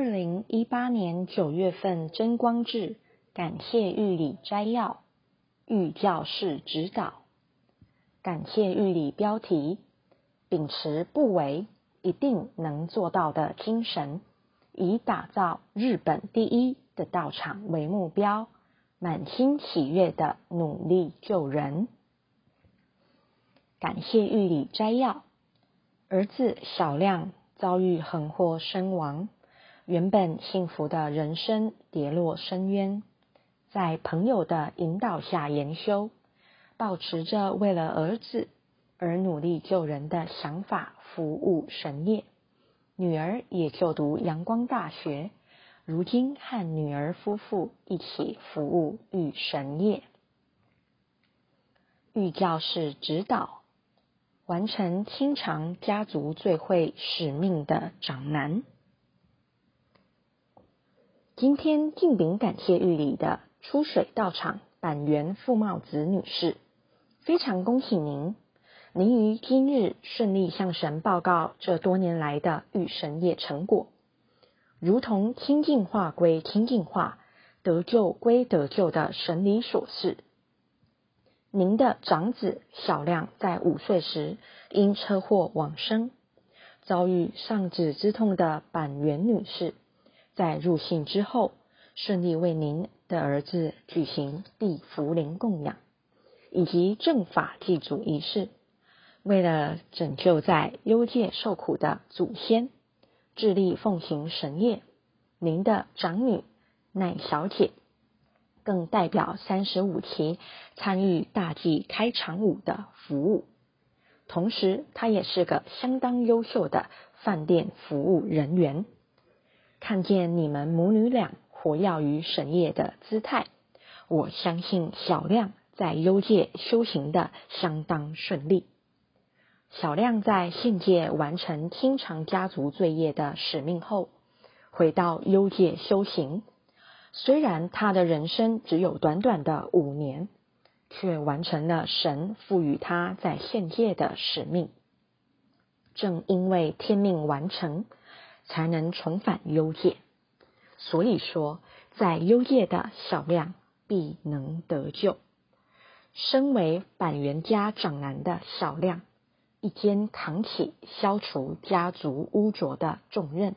二零一八年九月份，真光誌感謝御禮摘要，御教示指導，感謝御禮標題，秉持不為一定能做到的精神，以打造日本第一的道場為目標，滿心喜悅地努力救人。感謝御禮摘要，兒子小亮遭遇橫禍身亡。原本幸福的人生跌落深淵，在朋友的引導下研修，抱持着為了兒子而努力救人的想法，服務神業。女兒也就讀陽光大學，如今和女兒夫婦一起服務御神業。御教示指導，完成清償家族罪穢使命的長男。今天敬稟感謝御禮，的出水道場板垣富茂子女士。非常恭喜您，您於今日順利向神報告這多年來的御神業成果，如同清淨化歸清淨化，得救歸得救的神理所示。您的長子小亮在五歲時因車禍往生，遭遇喪子之痛的板垣女士，在入信之後，順利為您的兒子舉行地福靈供養以及正法祭祖儀式，為了拯救在幽界受苦的祖先，致力奉行神業。您的長女奈小姐，更代表三十五期參與大祭開場舞的服務，同時她也是個相當優秀的飯店服務人員。看見你們母女倆活躍於神業的姿態，我相信小亮在幽界修行的相當順利。小亮在現界完成清償家族罪業的使命後，回到幽界修行。雖然他的人生只有短短的五年，卻完成了神賦予他在現界的使命。正因為天命完成。才能重返幽界，所以說，在幽界的小亮必能得救。身為板垣家長男的小亮，一肩扛起消除家族污濁的重任，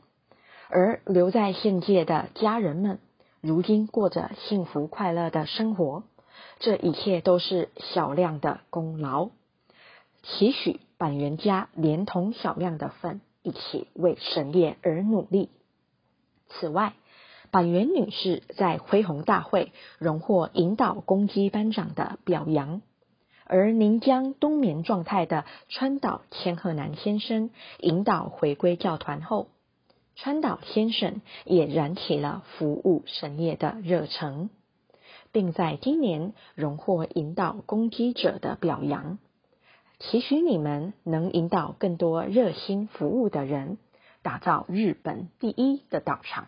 而留在現界的家人們，如今過着幸福快樂的生活，這一切都是小亮的功勞，期許板垣家連同小亮的份，一起為神業而努力。此外，板垣女士在恢弘大會榮獲引導攻擊班長的表揚。而您將冬眠狀態的川島千鶴南先生引導回歸教團後，川島先生也燃起了服務神業的熱誠，並在今年榮獲引導攻擊者的表揚。期許你們能引導更多熱心服務的人，打造日本第一的道場。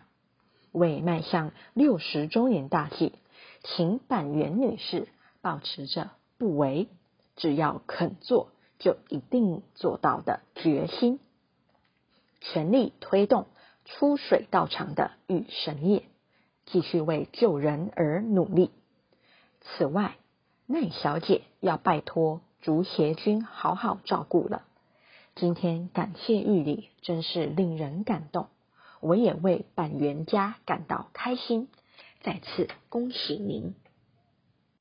為邁向六十周年大計，請坂垣女士保持着不為，只要肯做，就一定做到的決心，全力推動出水道場的御神業，繼續為救人而努力。此外，內小姐要拜托。竹協君好好照顧了。今天感謝御禮，真是令人感動。我也為板垣家感到開心。再次恭喜您。